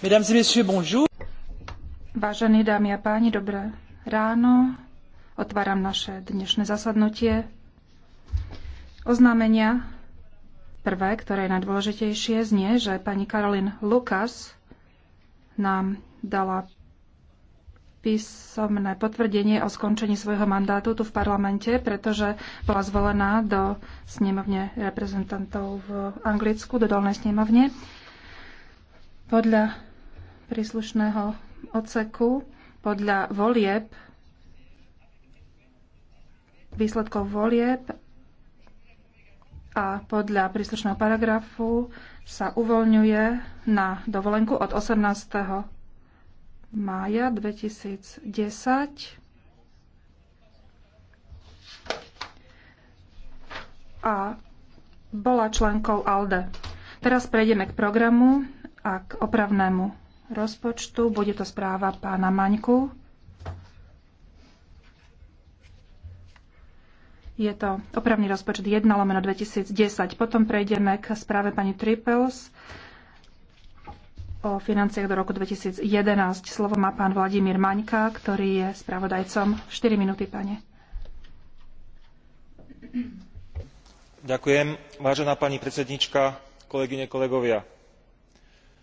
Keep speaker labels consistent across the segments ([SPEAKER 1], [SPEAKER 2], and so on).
[SPEAKER 1] Mesdames et messieurs, bonjour.
[SPEAKER 2] Vážené dámy a páni, dobré ráno. Otváram naše dnešné zasadnutie. Oznámenia prvé, ktoré je najdôležitejšie, znie, že pani Karolin Lukas nám dala písomné potvrdenie o skončení svojho mandátu tu v parlamente, pretože bola zvolená do snemovne reprezentantov v Anglicku, do dolnej snemovne. Podľa príslušného odseku podľa volieb, výsledkov volieb a podľa príslušného paragrafu sa uvoľňuje na dovolenku od 18. mája 2010 a bola členkou ALDE. Teraz prejdeme k programu a k opravnému rozpočtu. Bude to správa pána Maňku. Je to opravný rozpočet 1 lomeno 2010. Potom prejdeme k správe pani Triples o financiách do roku 2011. Slovo má pán Vladimír Maňka, ktorý je spravodajcom. 4 minúty, pane.
[SPEAKER 3] Ďakujem, vážená pani predsednička, kolegyne, kolegovia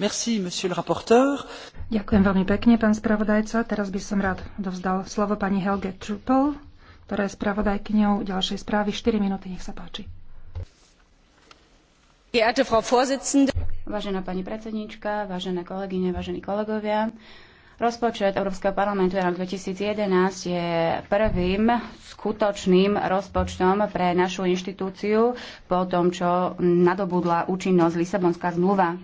[SPEAKER 2] Ďakujem veľmi pekne, pán spravodajca. Teraz by som rád dovzdal slovo pani Helge Truppel, ktorá je spravodajkyňou ďalšej správy. štyri minúty, nech sa páči.
[SPEAKER 4] Vážená pani predsedníčka, vážené kolegyne, vážení kolegovia, Rozpočet Európskeho parlamentu na rok 2011 je prvým skutočným rozpočtom pre našu inštitúciu po tom, čo nadobudla účinnosť Lisabonská zmluva.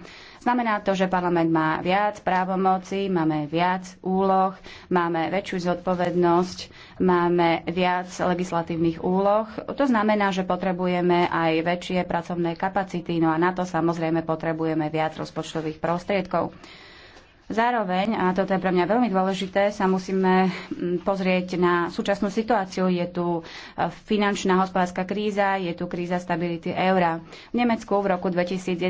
[SPEAKER 4] Znamená to, že parlament má viac právomocí, máme viac úloh, máme väčšiu zodpovednosť, máme viac legislatívnych úloh. To znamená, že potrebujeme aj väčšie pracovné kapacity, no a na to samozrejme potrebujeme viac rozpočtových prostriedkov. Zároveň, a toto je pre mňa veľmi dôležité, sa musíme mm, pozrieť na súčasnú situáciu. Je tu e, finančná hospodárska kríza, je tu kríza stability eura. V Nemecku v roku 2011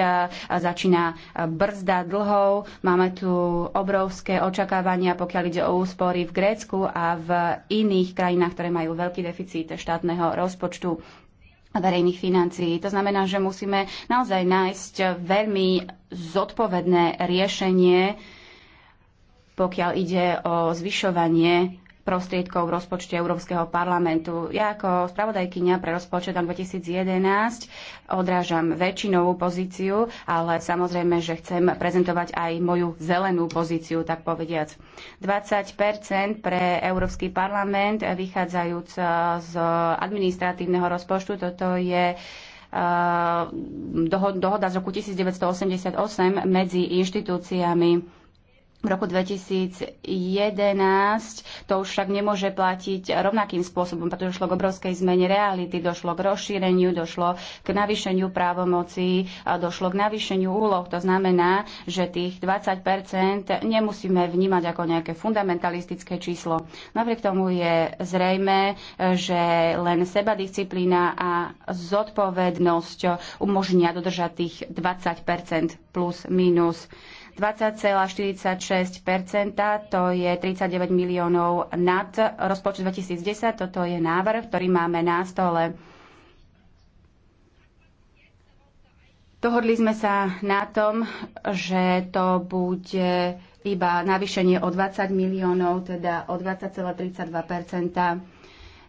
[SPEAKER 4] e, začína e, brzda dlhov, máme tu obrovské očakávania, pokiaľ ide o úspory v Grécku a v iných krajinách, ktoré majú veľký deficit štátneho rozpočtu verejných financií. To znamená, že musíme naozaj nájsť veľmi zodpovedné riešenie, pokiaľ ide o zvyšovanie prostriedkov v rozpočte Európskeho parlamentu. Ja ako spravodajkynia pre rozpočet na 2011 odrážam väčšinovú pozíciu, ale samozrejme, že chcem prezentovať aj moju zelenú pozíciu, tak povediac. 20 pre Európsky parlament vychádzajúc eh, z administratívneho rozpočtu, toto je eh, dohoda z roku 1988 medzi inštitúciami v roku 2011 to už však nemôže platiť rovnakým spôsobom, pretože došlo k obrovskej zmene reality, došlo k rozšíreniu, došlo k navýšeniu právomocí, došlo k navýšeniu úloh. To znamená, že tých 20 nemusíme vnímať ako nejaké fundamentalistické číslo. Napriek tomu je zrejme, že len sebadisciplína a zodpovednosť umožnia dodržať tých 20 plus minus. 20,46 to je 39 miliónov nad rozpočet 2010. Toto je návrh, ktorý máme na stole. Dohodli sme sa na tom, že to bude iba navýšenie o 20 miliónov, teda o 20,32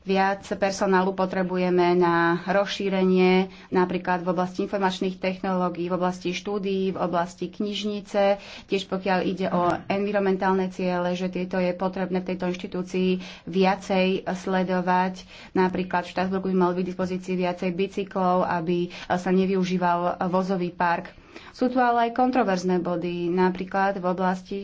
[SPEAKER 4] Viac personálu potrebujeme na rozšírenie napríklad v oblasti informačných technológií, v oblasti štúdií, v oblasti knižnice, tiež pokiaľ ide o environmentálne ciele, že tieto je potrebné v tejto inštitúcii viacej sledovať. Napríklad v Štátsburgu by mal byť v dispozícii viacej bicyklov, aby sa nevyužíval vozový park. Sú tu ale aj kontroverzné body, napríklad v oblasti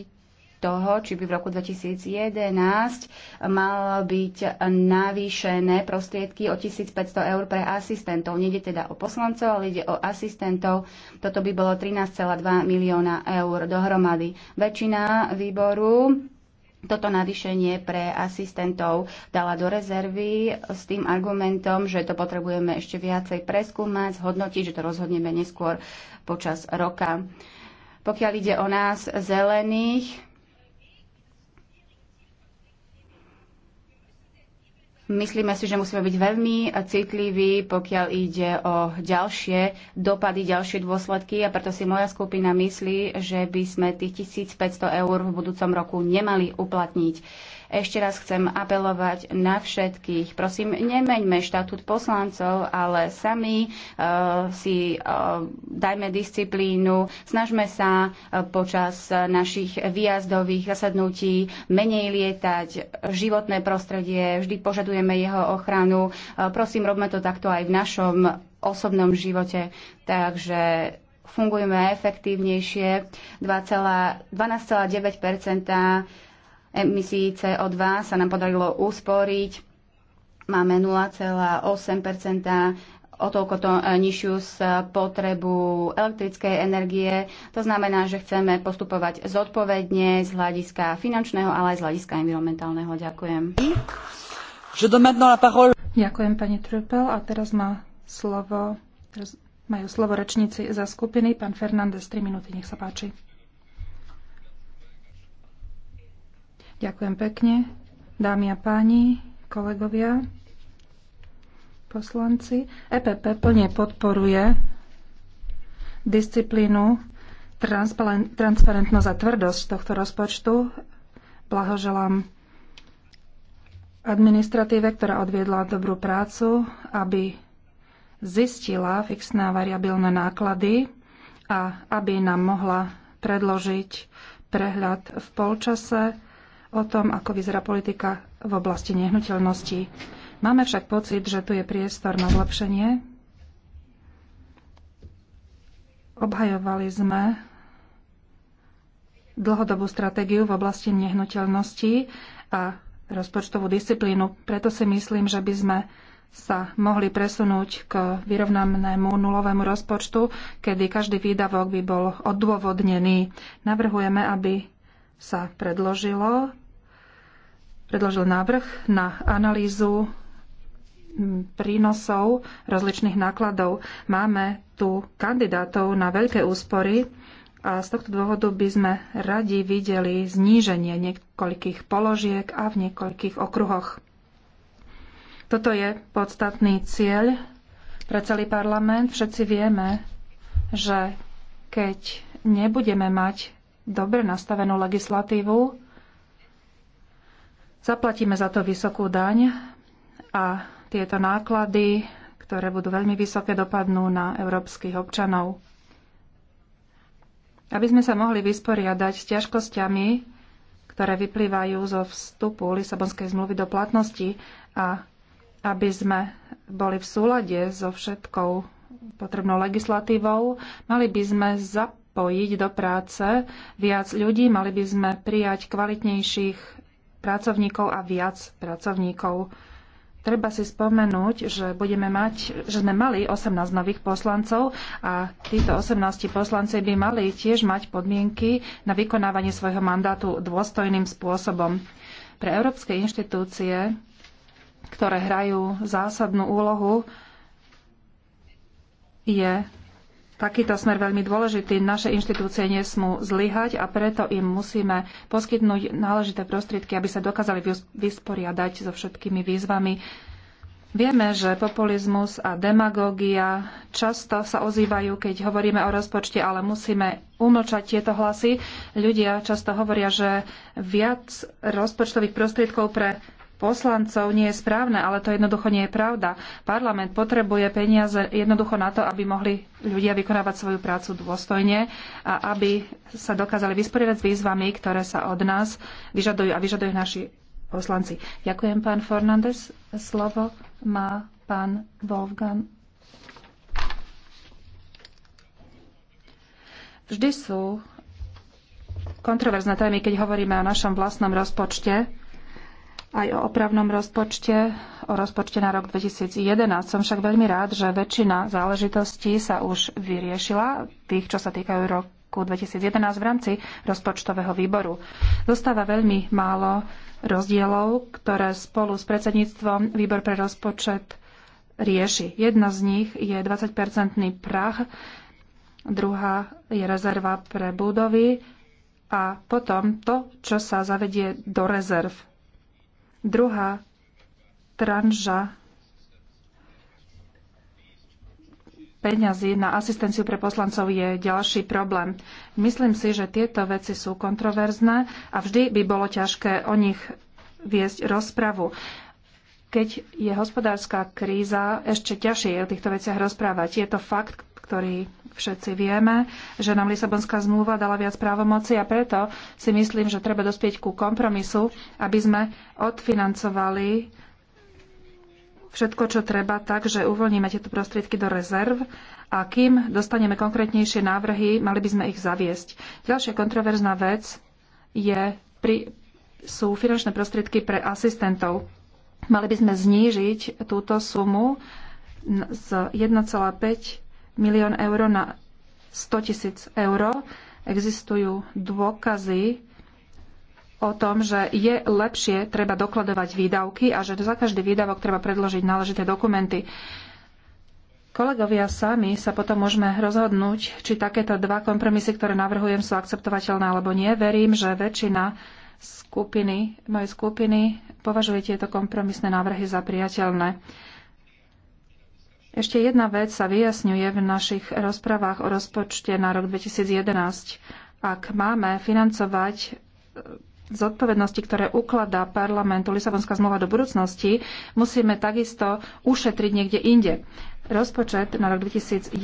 [SPEAKER 4] toho, či by v roku 2011 malo byť navýšené prostriedky o 1500 eur pre asistentov. Nede teda o poslancov, ale ide o asistentov. Toto by bolo 13,2 milióna eur dohromady. Väčšina výboru toto navýšenie pre asistentov dala do rezervy s tým argumentom, že to potrebujeme ešte viacej preskúmať, zhodnotiť, že to rozhodneme neskôr počas roka. Pokiaľ ide o nás, zelených, Myslíme si, že musíme byť veľmi citliví, pokiaľ ide o ďalšie dopady, ďalšie dôsledky a preto si moja skupina myslí, že by sme tých 1500 eur v budúcom roku nemali uplatniť. Ešte raz chcem apelovať na všetkých. Prosím, nemeňme štatút poslancov, ale sami uh, si uh, dajme disciplínu. Snažme sa uh, počas našich výjazdových zasadnutí menej lietať. Životné prostredie vždy požaduje poskytujeme jeho ochranu. E, prosím, robme to takto aj v našom osobnom živote. Takže fungujeme efektívnejšie. 12,9 emisí CO2 sa nám podarilo usporiť. Máme 0,8 o toľko to e, nižšiu spotrebu elektrickej energie. To znamená, že chceme postupovať zodpovedne z hľadiska finančného, ale aj z hľadiska environmentálneho. Ďakujem. Ďakujem pani Trupel a
[SPEAKER 2] teraz má slovo,
[SPEAKER 4] teraz majú slovo
[SPEAKER 2] rečníci za skupiny. Pán Fernández, 3 minúty, nech sa páči. Ďakujem pekne. Dámy a páni, kolegovia, poslanci, EPP plne podporuje disciplínu, transparentnosť a tvrdosť tohto rozpočtu. Blahoželám administratíve, ktorá odviedla dobrú prácu, aby zistila fixné a variabilné náklady a aby nám mohla predložiť prehľad v polčase o tom, ako vyzerá politika v oblasti nehnuteľnosti. Máme však pocit, že tu je priestor na zlepšenie. Obhajovali sme dlhodobú stratégiu v oblasti nehnuteľnosti a rozpočtovú disciplínu. Preto si myslím, že by sme sa mohli presunúť k vyrovnanému nulovému rozpočtu, kedy každý výdavok by bol odôvodnený. Navrhujeme, aby sa predložilo, predložil návrh na analýzu prínosov rozličných nákladov. Máme tu kandidátov na veľké úspory a z tohto dôvodu by sme radi videli zníženie niekoľkých položiek a v niekoľkých okruhoch. Toto je podstatný cieľ pre celý parlament. Všetci vieme, že keď nebudeme mať dobre nastavenú legislatívu, zaplatíme za to vysokú daň a tieto náklady, ktoré budú veľmi vysoké, dopadnú na európskych občanov. Aby sme sa mohli vysporiadať s ťažkosťami, ktoré vyplývajú zo vstupu Lisabonskej zmluvy do platnosti a aby sme boli v súlade so všetkou potrebnou legislatívou, mali by sme zapojiť do práce viac ľudí, mali by sme prijať kvalitnejších pracovníkov a viac pracovníkov. Treba si spomenúť, že, budeme mať, že sme mali 18 nových poslancov a títo 18 poslanci by mali tiež mať podmienky na vykonávanie svojho mandátu dôstojným spôsobom. Pre európske inštitúcie, ktoré hrajú zásadnú úlohu, je takýto smer veľmi dôležitý. Naše inštitúcie nesmú zlyhať a preto im musíme poskytnúť náležité prostriedky, aby sa dokázali vysporiadať so všetkými výzvami. Vieme, že populizmus a demagógia často sa ozývajú, keď hovoríme o rozpočte, ale musíme umlčať tieto hlasy. Ľudia často hovoria, že viac rozpočtových prostriedkov pre poslancov nie je správne, ale to jednoducho nie je pravda. Parlament potrebuje peniaze jednoducho na to, aby mohli ľudia vykonávať svoju prácu dôstojne a aby sa dokázali vysporiadať s výzvami, ktoré sa od nás vyžadujú a vyžadujú naši poslanci. Ďakujem, pán Fernández. Slovo má pán Wolfgang. Vždy sú kontroverzné témy, keď hovoríme o našom vlastnom rozpočte aj o opravnom rozpočte, o rozpočte na rok 2011. Som však veľmi rád, že väčšina záležitostí sa už vyriešila, tých, čo sa týkajú roku 2011 v rámci rozpočtového výboru. Zostáva veľmi málo rozdielov, ktoré spolu s predsedníctvom výbor pre rozpočet rieši. Jedna z nich je 20-percentný prah, druhá je rezerva pre budovy a potom to, čo sa zavedie do rezerv Druhá tranža peňazí na asistenciu pre poslancov je ďalší problém. Myslím si, že tieto veci sú kontroverzné a vždy by bolo ťažké o nich viesť rozpravu. Keď je hospodárska kríza, ešte ťažšie je o týchto veciach rozprávať. Je to fakt, ktorý všetci vieme, že nám Lisabonská zmluva dala viac právomoci a preto si myslím, že treba dospieť ku kompromisu, aby sme odfinancovali všetko, čo treba, tak, že uvoľníme tieto prostriedky do rezerv a kým dostaneme konkrétnejšie návrhy, mali by sme ich zaviesť. Ďalšia kontroverzná vec je pri, sú finančné prostriedky pre asistentov. Mali by sme znížiť túto sumu z 1,5 milión eur na 100 tisíc eur. Existujú dôkazy o tom, že je lepšie treba dokladovať výdavky a že za každý výdavok treba predložiť náležité dokumenty. Kolegovia sami sa potom môžeme rozhodnúť, či takéto dva kompromisy, ktoré navrhujem, sú akceptovateľné alebo nie. Verím, že väčšina skupiny, mojej skupiny považuje tieto kompromisné návrhy za priateľné. Ešte jedna vec sa vyjasňuje v našich rozprávach o rozpočte na rok 2011. Ak máme financovať e, zodpovednosti, ktoré ukladá parlamentu Lisabonská zmluva do budúcnosti, musíme takisto ušetriť niekde inde. Rozpočet na rok 2011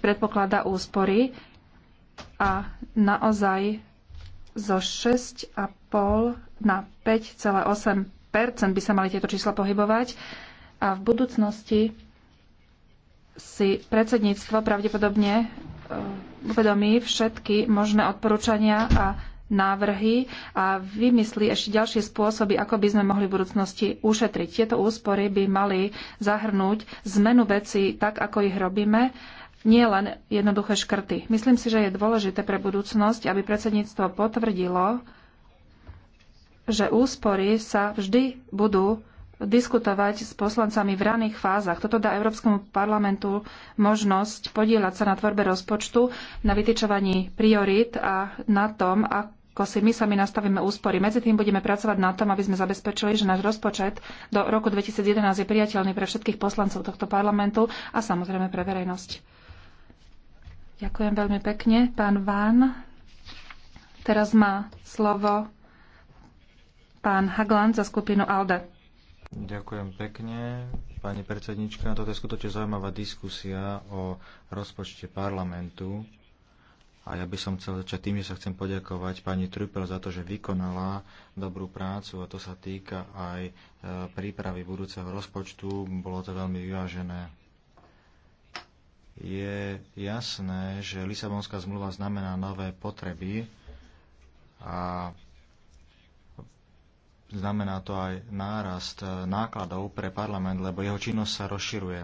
[SPEAKER 2] predpokladá úspory a naozaj zo 6,5 na 5,8 by sa mali tieto čísla pohybovať a v budúcnosti si predsedníctvo pravdepodobne e, uvedomí všetky možné odporúčania a návrhy a vymyslí ešte ďalšie spôsoby, ako by sme mohli v budúcnosti ušetriť. Tieto úspory by mali zahrnúť zmenu veci tak, ako ich robíme, nie len jednoduché škrty. Myslím si, že je dôležité pre budúcnosť, aby predsedníctvo potvrdilo, že úspory sa vždy budú diskutovať s poslancami v raných fázach. Toto dá Európskemu parlamentu možnosť podielať sa na tvorbe rozpočtu, na vytyčovaní priorít a na tom, ako si my sami nastavíme úspory. Medzi tým budeme pracovať na tom, aby sme zabezpečili, že náš rozpočet do roku 2011 je priateľný pre všetkých poslancov tohto parlamentu a samozrejme pre verejnosť. Ďakujem veľmi pekne. Pán Ván, teraz má slovo pán Hagland za skupinu ALDE.
[SPEAKER 1] Ďakujem pekne, pani predsednička. Toto je skutočne zaujímavá diskusia o rozpočte parlamentu. A ja by som chcel začať tým, že sa chcem poďakovať pani Trupel za to, že vykonala dobrú prácu a to sa týka aj e, prípravy budúceho rozpočtu. Bolo to veľmi vyvážené. Je jasné, že Lisabonská zmluva znamená nové potreby a znamená to aj nárast eh, nákladov pre parlament, lebo jeho činnosť sa rozširuje.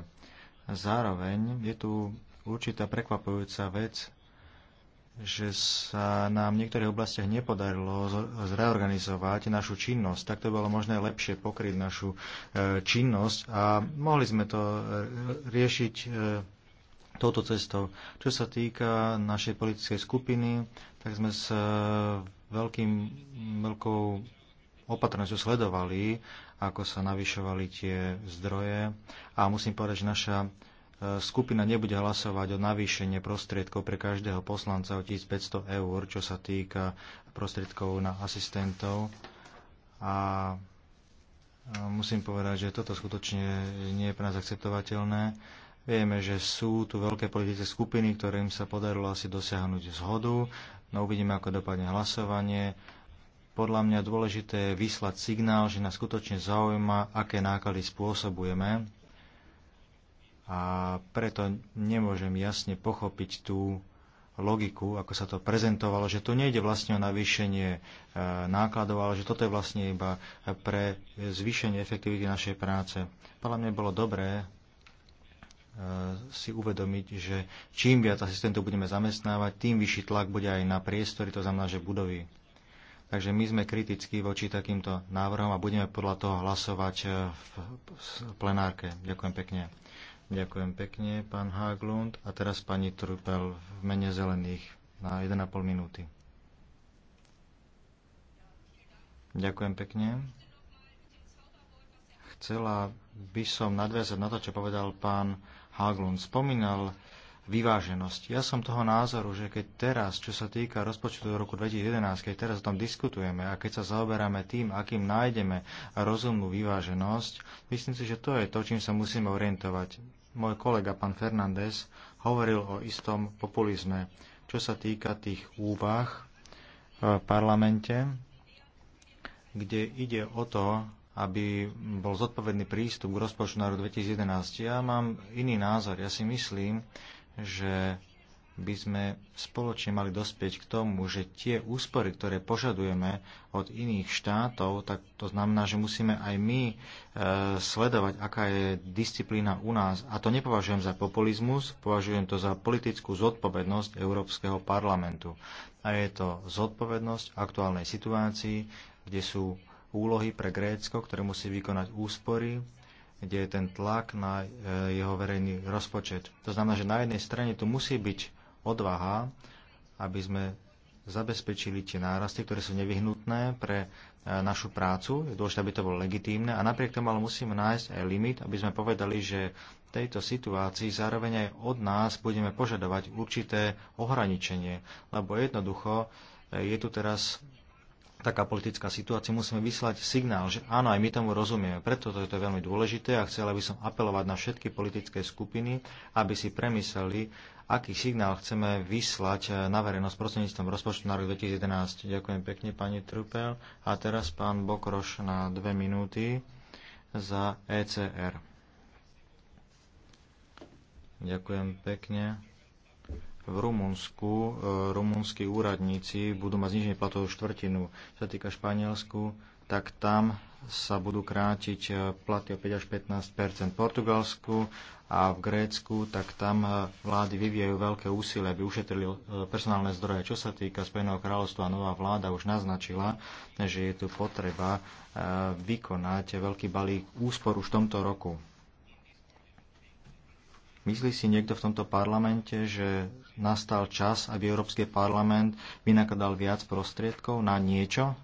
[SPEAKER 1] Zároveň je tu určitá prekvapujúca vec, že sa nám v niektorých oblastiach nepodarilo zreorganizovať našu činnosť. Tak to bolo možné lepšie pokryť našu eh, činnosť a mohli sme to eh, riešiť touto cestou. Čo sa týka našej politickej skupiny, tak sme s veľkým, veľkou opatrne sledovali, ako sa navyšovali tie zdroje a musím povedať, že naša e, skupina nebude hlasovať o navýšenie prostriedkov pre každého poslanca o 1500 eur, čo sa týka prostriedkov na asistentov. A e, musím povedať, že toto skutočne nie je pre nás akceptovateľné. Vieme, že sú tu veľké politické skupiny, ktorým sa podarilo asi dosiahnuť zhodu. No uvidíme, ako dopadne hlasovanie podľa mňa dôležité je vyslať signál, že nás skutočne zaujíma, aké náklady spôsobujeme a preto nemôžem jasne pochopiť tú logiku, ako sa to prezentovalo, že tu nejde vlastne o navýšenie e, nákladov, ale že toto je vlastne iba pre zvýšenie efektivity našej práce. Podľa mňa bolo dobré e, si uvedomiť, že čím viac asistentov budeme zamestnávať, tým vyšší tlak bude aj na priestory, to znamená, že budovy Takže my sme kritickí voči takýmto návrhom a budeme podľa toho hlasovať e, v plenárke. Ďakujem pekne. Ďakujem pekne, pán Haglund. A teraz pani Trupel v mene zelených na 1,5 minúty. Ďakujem pekne. Chcela by som nadviazať na to, čo povedal pán Haglund. Spomínal vyváženosť. Ja som toho názoru, že keď teraz, čo sa týka rozpočtu do roku 2011, keď teraz o tom diskutujeme a keď sa zaoberáme tým, akým nájdeme rozumnú vyváženosť, myslím si, že to je to, čím sa musíme orientovať. Môj kolega, pán Fernández, hovoril o istom populizme, čo sa týka tých úvah e, v parlamente, kde ide o to, aby bol zodpovedný prístup k rozpočtu na rok 2011. Ja mám iný názor. Ja si myslím, že by sme spoločne mali dospieť k tomu, že tie úspory, ktoré požadujeme od iných štátov, tak to znamená, že musíme aj my e, sledovať, aká je disciplína u nás. A to nepovažujem za populizmus, považujem to za politickú zodpovednosť Európskeho parlamentu. A je to zodpovednosť aktuálnej situácii, kde sú úlohy pre Grécko, ktoré musí vykonať úspory, kde je ten tlak na e, jeho verejný rozpočet. To znamená, že na jednej strane tu musí byť odvaha, aby sme zabezpečili tie nárasty, ktoré sú nevyhnutné pre e, našu prácu. Je dôležité, aby to bolo legitímne a napriek tomu ale musíme nájsť aj limit, aby sme povedali, že v tejto situácii zároveň aj od nás budeme požadovať určité ohraničenie, lebo jednoducho e, je tu teraz taká politická situácia, musíme vyslať signál, že áno, aj my tomu rozumieme. Preto to je to veľmi dôležité a chcela by som apelovať na všetky politické skupiny, aby si premysleli, aký signál chceme vyslať eh, na verejnosť prostredníctvom rozpočtu na rok 2011. Ďakujem pekne, pani Trupel. A teraz pán Bokroš na dve minúty za ECR. Ďakujem pekne v Rumunsku e, rumunskí úradníci budú mať zniženie platov štvrtinu. Čo sa týka Španielsku, tak tam sa budú krátiť e, platy o 5 až 15 v Portugalsku a v Grécku, tak tam e, vlády vyvíjajú veľké úsilie, aby ušetrili personálne zdroje. Čo sa týka Spojeného kráľovstva, nová vláda už naznačila, že je tu potreba vykonať veľký balík úspor už v tomto roku. Myslí si niekto v tomto parlamente, že nastal čas, aby Európsky parlament vynakladal viac prostriedkov na niečo?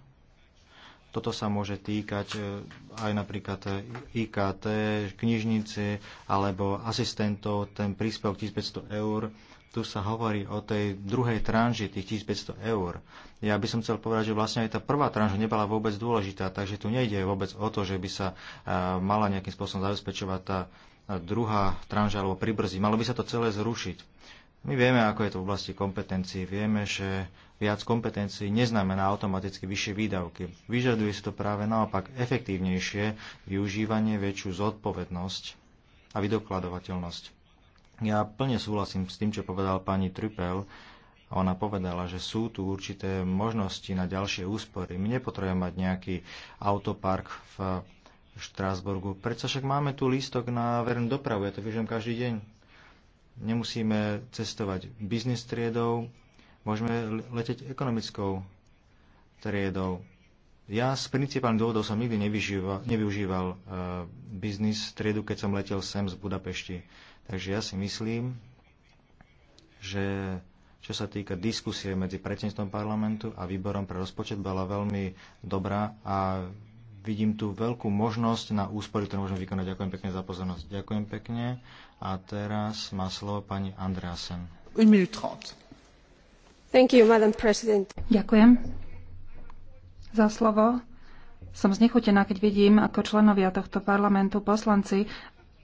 [SPEAKER 1] Toto sa môže týkať e, aj napríklad e, IKT, knižnice alebo asistentov, ten príspevok 1500 eur. Tu sa hovorí o tej druhej tranži tých 1500 eur. Ja by som chcel povedať, že vlastne aj tá prvá tranža nebola vôbec dôležitá, takže tu nejde vôbec o to, že by sa e, mala nejakým spôsobom zabezpečovať tá druhá tranža alebo pribrzí. Malo by sa to celé zrušiť. My vieme, ako je to v oblasti kompetencií. Vieme, že viac kompetencií neznamená automaticky vyššie výdavky. Vyžaduje si to práve naopak efektívnejšie využívanie, väčšiu zodpovednosť a vydokladovateľnosť. Ja plne súhlasím s tým, čo povedal pani Trupel. Ona povedala, že sú tu určité možnosti na ďalšie úspory. My nepotrebujeme mať nejaký autopark v Štrásburgu. Prečo však máme tu lístok na verejnú dopravu, ja to využijem každý deň. Nemusíme cestovať biznis triedou, môžeme leteť ekonomickou triedou. Ja z principálnych dôvodov som nikdy nevyužíval, nevyužíval uh, biznis triedu, keď som letel sem z Budapešti. Takže ja si myslím, že čo sa týka diskusie medzi predsedníctvom parlamentu a výborom pre rozpočet, bola veľmi dobrá a vidím tu veľkú možnosť na úspory, ktorú môžeme vykonať. Ďakujem pekne za pozornosť. Ďakujem pekne. A teraz má slovo pani Andreasen.
[SPEAKER 2] Thank you, Madam President. Ďakujem za slovo. Som znechutená, keď vidím, ako členovia tohto parlamentu poslanci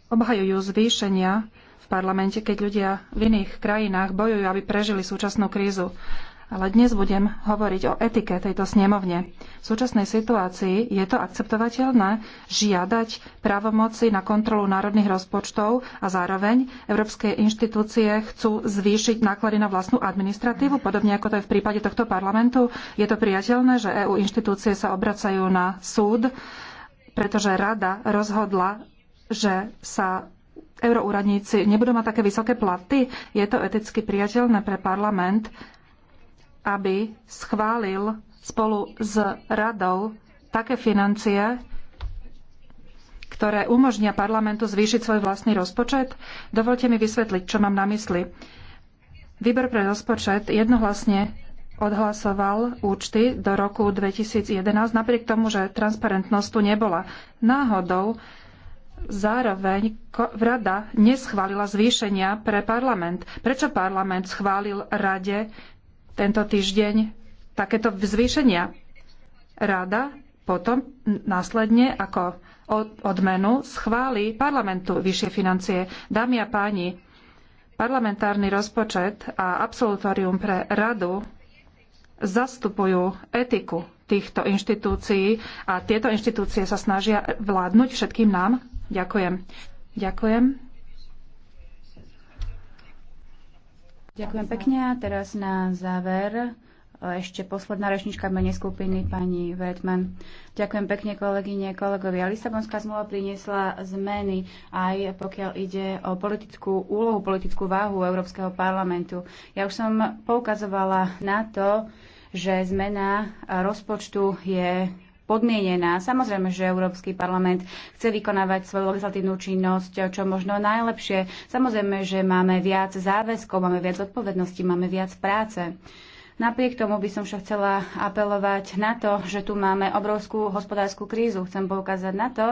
[SPEAKER 2] obhajujú zvýšenia v parlamente, keď ľudia v iných krajinách bojujú, aby prežili súčasnú krízu ale dnes budem hovoriť o etike tejto snemovne. V súčasnej situácii je to akceptovateľné žiadať právomoci na kontrolu národných rozpočtov a zároveň európske inštitúcie chcú zvýšiť náklady na vlastnú administratívu, podobne ako to je v prípade tohto parlamentu. Je to priateľné, že EU inštitúcie sa obracajú na súd, pretože rada rozhodla, že sa euroúradníci nebudú mať také vysoké platy. Je to eticky priateľné pre parlament aby schválil spolu s radou také financie, ktoré umožnia parlamentu zvýšiť svoj vlastný rozpočet? Dovolte mi vysvetliť, čo mám na mysli. Výbor pre rozpočet jednohlasne odhlasoval účty do roku 2011, napriek tomu, že transparentnosť tu nebola. Náhodou zároveň rada neschválila zvýšenia pre parlament. Prečo parlament schválil rade tento týždeň takéto zvýšenia. Rada potom následne ako odmenu schváli parlamentu vyššie financie. Dámy a páni, parlamentárny rozpočet a absolutórium pre radu zastupujú etiku týchto inštitúcií a tieto inštitúcie sa snažia vládnuť všetkým nám.
[SPEAKER 4] Ďakujem. Ďakujem. Ďakujem pekne a teraz na záver e, ešte posledná rečnička mene skupiny pani Vetman. Ďakujem pekne kolegyne, kolegovia. Lisabonská zmluva priniesla zmeny aj pokiaľ ide o politickú úlohu, politickú váhu Európskeho parlamentu. Ja už som poukazovala na to, že zmena rozpočtu je podmienená. Samozrejme, že Európsky parlament chce vykonávať svoju legislatívnu činnosť čo možno najlepšie. Samozrejme, že máme viac záväzkov, máme viac odpovedností, máme viac práce. Napriek tomu by som však chcela apelovať na to, že tu máme obrovskú hospodárskú krízu. Chcem poukázať na to,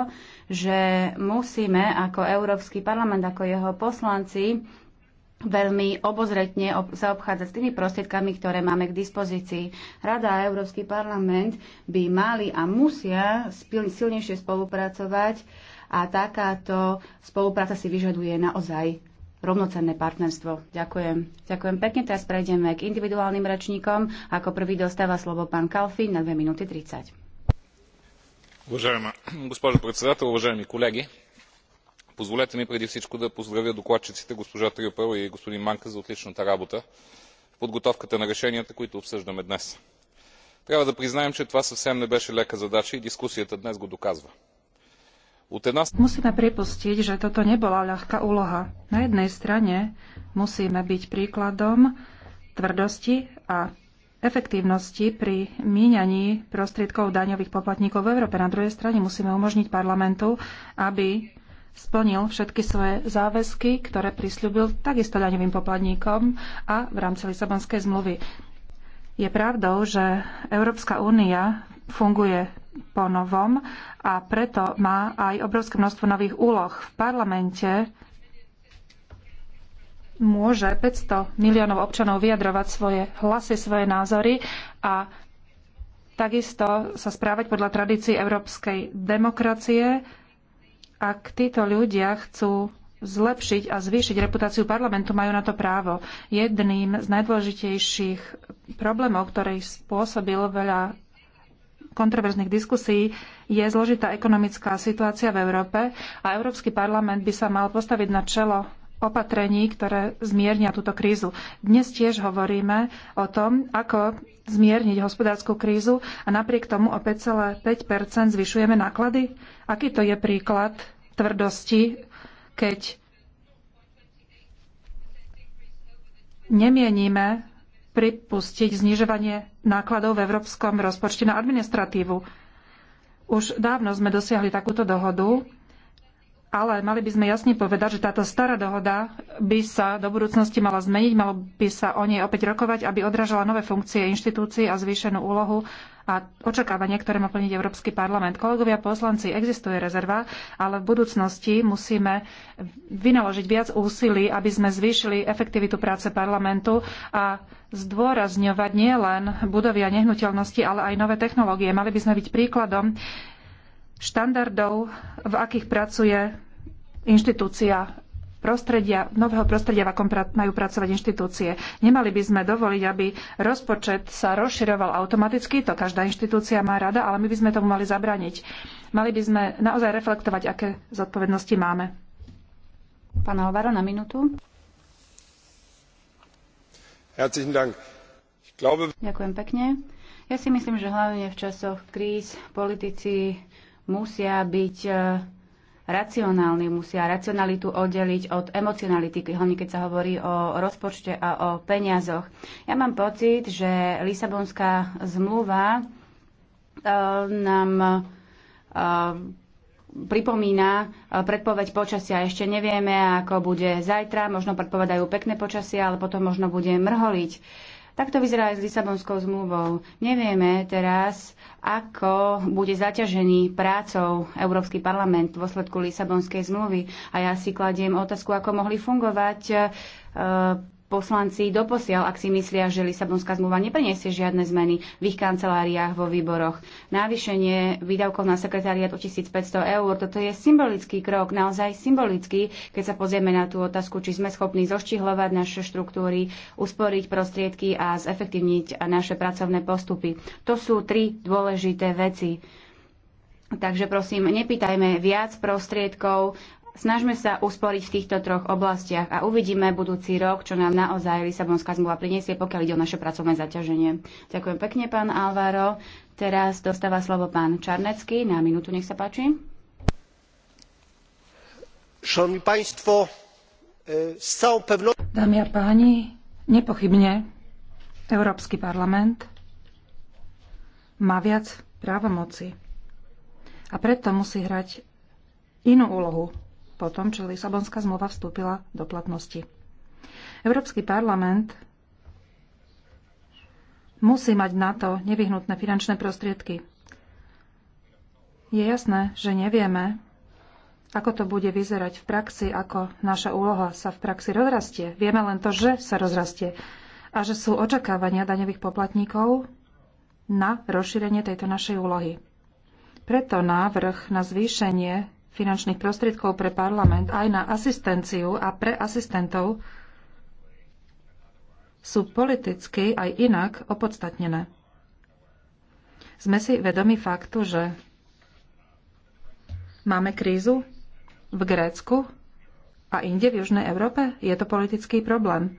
[SPEAKER 4] že musíme ako Európsky parlament, ako jeho poslanci veľmi obozretne zaobchádzať s tými prostriedkami, ktoré máme k dispozícii. Rada a Európsky parlament by mali a musia silnejšie spolupracovať a takáto spolupráca si vyžaduje naozaj rovnocenné partnerstvo. Ďakujem. Ďakujem pekne. Teraz prejdeme k individuálnym rečníkom. Ako prvý dostáva slovo pán Kalfin na 2 minúty 30.
[SPEAKER 3] Уважаема госпожо председател, уважаеми колеги, позволете ми преди всичко да поздравя докладчиците госпожа трюпел и господин манка за отличната работа в подготовката на решенията които обсъждаме днес. трябва да признаем че това съвсем не беше лека задача и дискусията днес го доказва. Musíme
[SPEAKER 2] pripustiť, že toto nebola ľahká úloha. Na jednej strane musíme byť príkladom tvrdosti a efektívnosti pri míňaní prostriedkov daňových poplatníkov v Európe. Na druhej strane musíme umožniť parlamentu, aby splnil všetky svoje záväzky, ktoré prislúbil takisto daňovým poplatníkom a v rámci Lisabonskej zmluvy. Je pravdou, že Európska únia funguje po novom a preto má aj obrovské množstvo nových úloh. V parlamente môže 500 miliónov občanov vyjadrovať svoje hlasy, svoje názory a takisto sa správať podľa tradícií európskej demokracie ak títo ľudia chcú zlepšiť a zvýšiť reputáciu parlamentu, majú na to právo. Jedným z najdôležitejších problémov, ktorý spôsobil veľa kontroverzných diskusí, je zložitá ekonomická situácia v Európe a Európsky parlament by sa mal postaviť na čelo opatrení, ktoré zmiernia túto krízu. Dnes tiež hovoríme o tom, ako zmierniť hospodárskú krízu a napriek tomu o 5,5 zvyšujeme náklady. Aký to je príklad tvrdosti, keď nemienime pripustiť znižovanie nákladov v európskom rozpočte na administratívu. Už dávno sme dosiahli takúto dohodu ale mali by sme jasne povedať, že táto stará dohoda by sa do budúcnosti mala zmeniť, malo by sa o nej opäť rokovať, aby odrážala nové funkcie inštitúcií a zvýšenú úlohu a očakávania, ktoré má plniť Európsky parlament. Kolegovia poslanci, existuje rezerva, ale v budúcnosti musíme vynaložiť viac úsilí, aby sme zvýšili efektivitu práce parlamentu a zdôrazňovať nielen budovy a nehnuteľnosti, ale aj nové technológie. Mali by sme byť príkladom štandardov, v akých pracuje inštitúcia prostredia, nového prostredia, v akom majú pracovať inštitúcie. Nemali by sme dovoliť, aby rozpočet sa rozširoval automaticky, to každá inštitúcia má rada, ale my by sme tomu mali zabrániť. Mali by sme naozaj reflektovať, aké zodpovednosti
[SPEAKER 4] máme. Pán Alvaro, na minútu. Ďakujem pekne. Ja si myslím, že hlavne v časoch kríz politici musia byť e, racionálni, musia racionalitu oddeliť od emocionality, hlavne keď sa hovorí o rozpočte a o peniazoch. Ja mám pocit, že Lisabonská zmluva e, nám e, pripomína predpoveď počasia. Ešte nevieme, ako bude zajtra, možno predpovedajú pekné počasie, ale potom možno bude mrholiť. Takto vyzerá aj s Lisabonskou zmluvou. Nevieme teraz, ako bude zaťažený prácou Európsky parlament v dôsledku Lisabonskej zmluvy. A ja si kladiem otázku, ako mohli fungovať eh, poslanci doposiaľ, ak si myslia, že Lisabonská zmluva nepreniesie žiadne zmeny v ich kanceláriách, vo výboroch. Návyšenie výdavkov na sekretariat o 1500 eur, toto je symbolický krok, naozaj symbolický, keď sa pozrieme na tú otázku, či sme schopní zoštihľovať naše štruktúry, usporiť prostriedky a zefektívniť naše pracovné postupy. To sú tri dôležité veci. Takže prosím, nepýtajme viac prostriedkov, Snažme sa usporiť v týchto troch oblastiach a uvidíme budúci rok, čo nám naozaj Lisabonská zmluva priniesie, pokiaľ ide o naše pracovné zaťaženie. Ďakujem pekne, pán Alvaro. Teraz dostáva slovo pán Čarnecký. Na minútu, nech sa páči.
[SPEAKER 1] Szanowni Państwo, e, z całą pewnością...
[SPEAKER 4] Dámy a páni,
[SPEAKER 2] nepochybne Európsky parlament má viac právomoci a preto musí hrať inú úlohu po tom, čo Lisabonská zmluva vstúpila do platnosti. Európsky parlament musí mať na to nevyhnutné finančné prostriedky. Je jasné, že nevieme, ako to bude vyzerať v praxi, ako naša úloha sa v praxi rozrastie. Vieme len to, že sa rozrastie a že sú očakávania daňových poplatníkov na rozšírenie tejto našej úlohy. Preto návrh na zvýšenie finančných prostriedkov pre parlament aj na asistenciu a pre asistentov sú politicky aj inak opodstatnené. Sme si vedomi faktu, že máme krízu v Grécku a inde v Južnej Európe. Je to politický problém.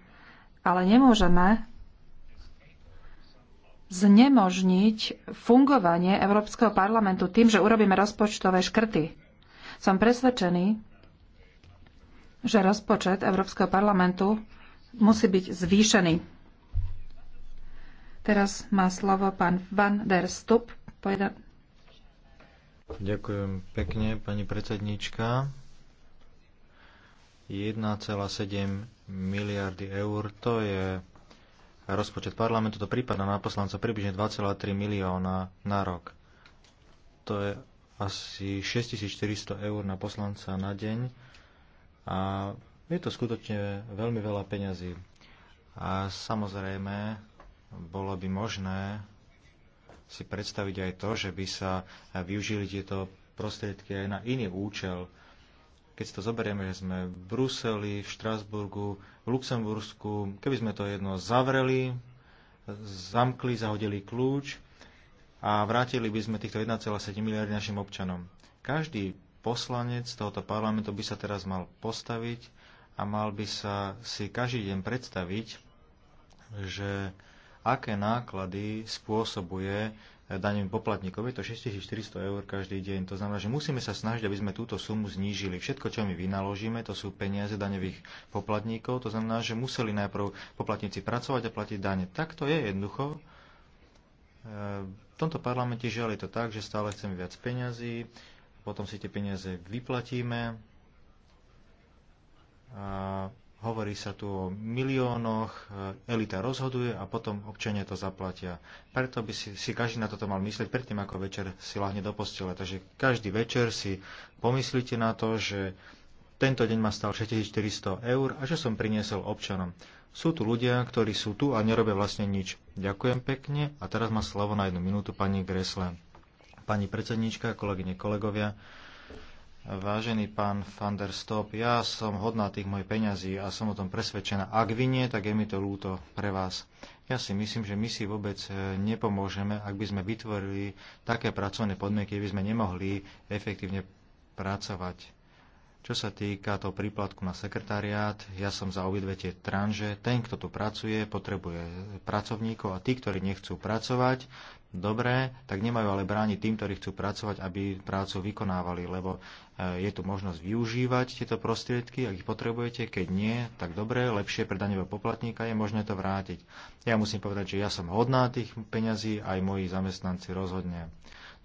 [SPEAKER 2] Ale nemôžeme znemožniť fungovanie Európskeho parlamentu tým, že urobíme rozpočtové škrty som presvedčený, že rozpočet Európskeho parlamentu musí byť zvýšený. Teraz má slovo pán Van der Stup. Pojde...
[SPEAKER 1] Ďakujem pekne, pani predsednička. 1,7 miliardy eur, to je rozpočet parlamentu, to prípada na poslanca približne 2,3 milióna na rok. To je asi 6400 eur na poslanca na deň a je to skutočne veľmi veľa peňazí. A samozrejme, bolo by možné si predstaviť aj to, že by sa využili tieto prostriedky aj na iný účel. Keď si to zoberieme, že sme v Bruseli, v Štrasburgu, v Luxembursku, keby sme to jedno zavreli, zamkli, zahodili kľúč, a vrátili by sme týchto 1,7 miliardy našim občanom. Každý poslanec tohoto parlamentu by sa teraz mal postaviť a mal by sa si každý deň predstaviť, že aké náklady spôsobuje daňovým poplatníkom. Je to 6400 eur každý deň. To znamená, že musíme sa snažiť, aby sme túto sumu znížili. Všetko, čo my vynaložíme, to sú peniaze daňových poplatníkov. To znamená, že museli najprv poplatníci pracovať a platiť dane. Tak to je jednoducho v tomto parlamente žiaľ je to tak, že stále chceme viac peňazí, potom si tie peniaze vyplatíme. A hovorí sa tu o miliónoch, e, elita rozhoduje a potom občania to zaplatia. Preto by si, si každý na toto mal myslieť predtým, ako večer si lahne do postele. Takže každý večer si pomyslíte na to, že tento deň ma stal 6400 eur a že som priniesol občanom. Sú tu ľudia, ktorí sú tu a nerobia vlastne nič. Ďakujem pekne a teraz má slovo na jednu minútu pani Gresle. Pani predsednička, kolegyne, kolegovia, Vážený pán van der Stop, ja som hodná tých mojich peňazí a som o tom presvedčená. Ak vy nie, tak je mi to ľúto pre vás. Ja si myslím, že my si vôbec e, nepomôžeme, ak by sme vytvorili také pracovné podmienky, by sme nemohli efektívne pracovať čo sa týka toho príplatku na sekretariát, ja som za obidve tie tranže. Ten, kto tu pracuje, potrebuje pracovníkov a tí, ktorí nechcú pracovať, dobré, tak nemajú ale brániť tým, ktorí chcú pracovať, aby prácu vykonávali, lebo e, je tu možnosť využívať tieto prostriedky, ak ich potrebujete, keď nie, tak dobre, lepšie pre daňového poplatníka je možné to vrátiť. Ja musím povedať, že ja som hodná tých peňazí, aj moji zamestnanci rozhodne.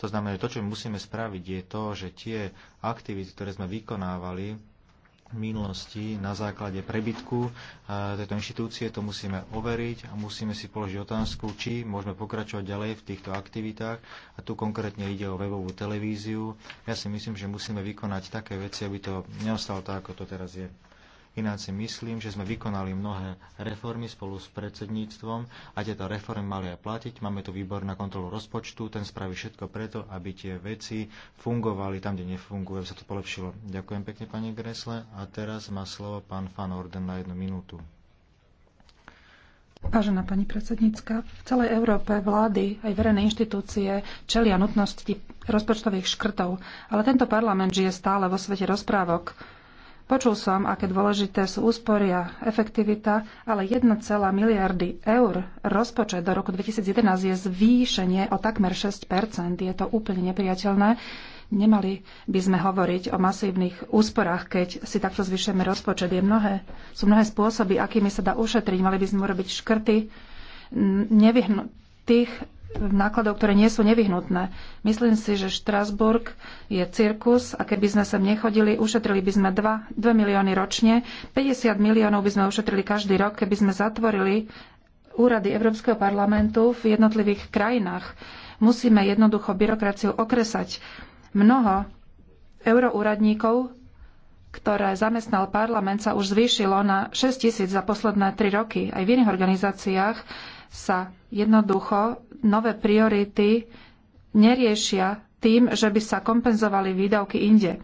[SPEAKER 1] To znamená, že to, čo musíme spraviť, je to, že tie aktivity, ktoré sme vykonávali minulosti na základe prebytku eh, tejto inštitúcie, to musíme overiť a musíme si položiť otázku, či môžeme pokračovať ďalej v týchto aktivitách a tu konkrétne ide o webovú televíziu. Ja si myslím, že musíme vykonať také veci, aby to neostalo tak, ako to teraz je. Ináč si myslím, že sme vykonali mnohé reformy spolu s predsedníctvom a tieto reformy mali aj platiť. Máme tu výbor na kontrolu rozpočtu, ten spraví všetko preto, aby tie veci fungovali tam, kde nefungujú, aby sa to polepšilo. Ďakujem pekne, pani Gresle. A teraz má slovo pán Fan Orden na jednu minútu.
[SPEAKER 2] Vážená pani predsednícka, v celej Európe vlády aj verejné inštitúcie čelia nutnosti rozpočtových škrtov, ale tento parlament žije stále vo svete rozprávok Počul som, aké dôležité sú úspory a efektivita, ale 1, miliardy eur rozpočet do roku 2011 je zvýšenie o takmer 6 Je to úplne nepriateľné. Nemali by sme hovoriť o masívnych úsporách, keď si takto zvyšujeme rozpočet. Je mnohé, sú mnohé spôsoby, akými sa dá ušetriť. Mali by sme urobiť škrty nevyhnutých nákladov, ktoré nie sú nevyhnutné. Myslím si, že Štrasburg je cirkus a keby sme sem nechodili, ušetrili by sme 2, 2 milióny ročne. 50 miliónov by sme ušetrili každý rok, keby sme zatvorili úrady Európskeho parlamentu v jednotlivých krajinách. Musíme jednoducho byrokraciu okresať. Mnoho euroúradníkov, ktoré zamestnal parlament, sa už zvýšilo na 6 tisíc za posledné 3 roky. Aj v iných organizáciách sa jednoducho nové priority neriešia tým, že by sa kompenzovali výdavky inde.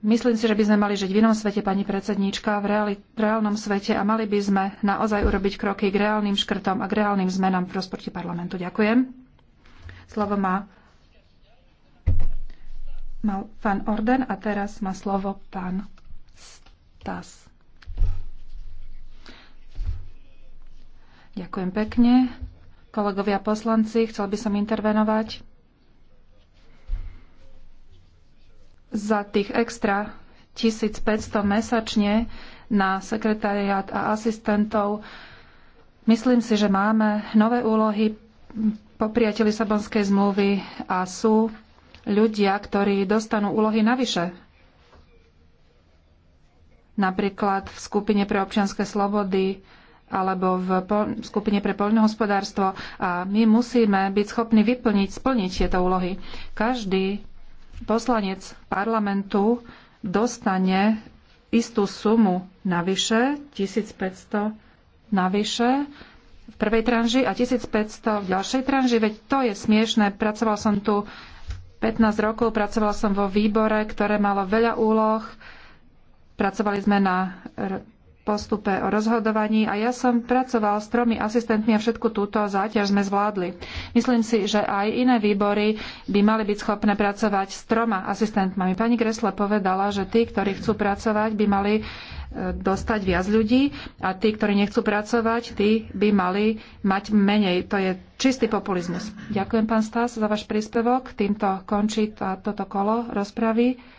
[SPEAKER 2] Myslím si, že by sme mali žiť v inom svete, pani predsedníčka, v, reali, v reálnom svete a mali by sme naozaj urobiť kroky k reálnym škrtom a k reálnym zmenám v rozporte parlamentu. Ďakujem. Slovo má mal pán Orden a teraz má slovo pán Stas. Ďakujem pekne. Kolegovia poslanci, chcel by som intervenovať za tých extra 1500 mesačne na sekretariát a asistentov. Myslím si, že máme nové úlohy po prijatí Lisabonskej zmluvy a sú ľudia, ktorí dostanú úlohy navyše. Napríklad v skupine pre občianske slobody alebo v skupine pre poľnohospodárstvo a my musíme byť schopní vyplniť, splniť tieto úlohy. Každý poslanec parlamentu dostane istú sumu navyše, 1500 navyše v prvej tranži a 1500 v ďalšej tranži, veď to je smiešné. Pracoval som tu 15 rokov, pracoval som vo výbore, ktoré malo veľa úloh. Pracovali sme na postupe o rozhodovaní a ja som pracoval s tromi asistentmi a všetku túto záťaž sme zvládli. Myslím si, že aj iné výbory by mali byť schopné pracovať s troma asistentmi. Pani Gresle povedala, že tí, ktorí chcú pracovať, by mali e, dostať viac ľudí a tí, ktorí nechcú pracovať, tí by mali mať menej. To je čistý populizmus. Ďakujem, pán Stas, za váš príspevok. Týmto končí toto kolo rozpravy.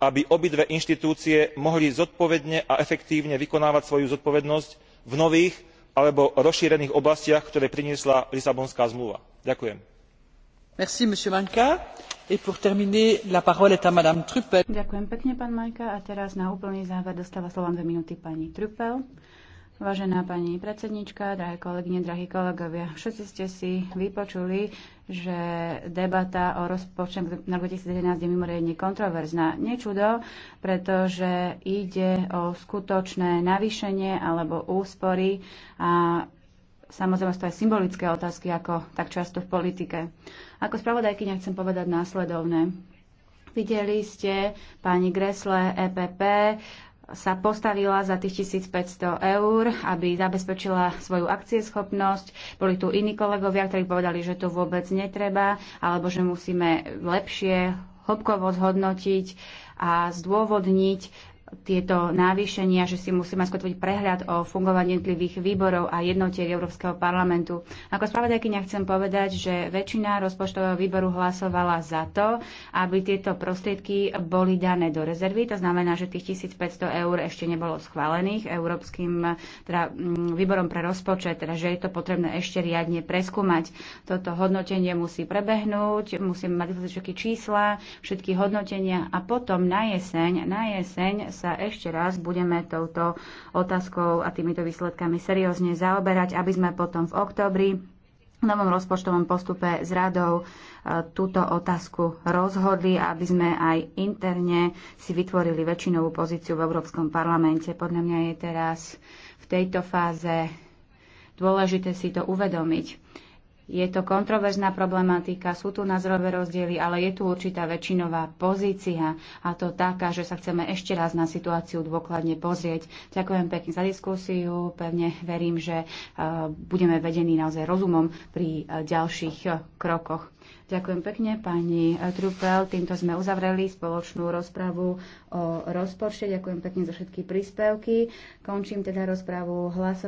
[SPEAKER 3] aby obidve inštitúcie mohli zodpovedne a efektívne vykonávať svoju zodpovednosť v nových alebo rozšírených oblastiach ktoré priniesla lisabonská zmluva. ďakujem.
[SPEAKER 4] ďakujem pekne pán a teraz na úplný dostáva dve pani Vážená pani predsednička, drahé kolegyne, drahí kolegovia, všetci ste si vypočuli, že debata o rozpočtu na 2011 je mimoriadne kontroverzná. Nečudo, pretože ide o skutočné navýšenie alebo úspory a samozrejme sú to aj symbolické otázky, ako tak často v politike. Ako spravodajkyňa chcem povedať následovné. Videli ste pani Gresle, EPP, sa postavila za tých 1500 eur, aby zabezpečila svoju akcieschopnosť. Boli tu iní kolegovia, ktorí povedali, že to vôbec netreba, alebo že musíme lepšie hĺbkovo zhodnotiť a zdôvodniť tieto návýšenia, že si musíme skotviť prehľad o fungovaní jednotlivých výborov a jednotiek Európskeho parlamentu. Ako spravodajkyňa chcem povedať, že väčšina rozpočtového výboru hlasovala za to, aby tieto prostriedky boli dané do rezervy. To znamená, že tých 1500 eur ešte nebolo schválených Európskym teda, mm, výborom pre rozpočet, teda, že je to potrebné ešte riadne preskúmať. Toto hodnotenie musí prebehnúť, musíme mať všetky čísla, všetky hodnotenia a potom na jeseň, na jeseň sa ešte raz budeme touto otázkou a týmito výsledkami seriózne zaoberať, aby sme potom v oktobri v novom rozpočtovom postupe s radou e, túto otázku rozhodli, aby sme aj interne si vytvorili väčšinovú pozíciu v Európskom parlamente. Podľa mňa je teraz v tejto fáze dôležité si to uvedomiť. Je to kontroverzná problematika, sú tu názorové rozdiely, ale je tu určitá väčšinová pozícia a to taká, že sa chceme ešte raz na situáciu dôkladne pozrieť. Ďakujem pekne za diskusiu, pevne verím, že e, budeme vedení naozaj rozumom pri e, ďalších e, krokoch. Ďakujem pekne, pani Trupel. Týmto sme uzavreli spoločnú rozpravu o rozpočte. Ďakujem pekne za všetky príspevky. Končím teda rozpravu hlasov.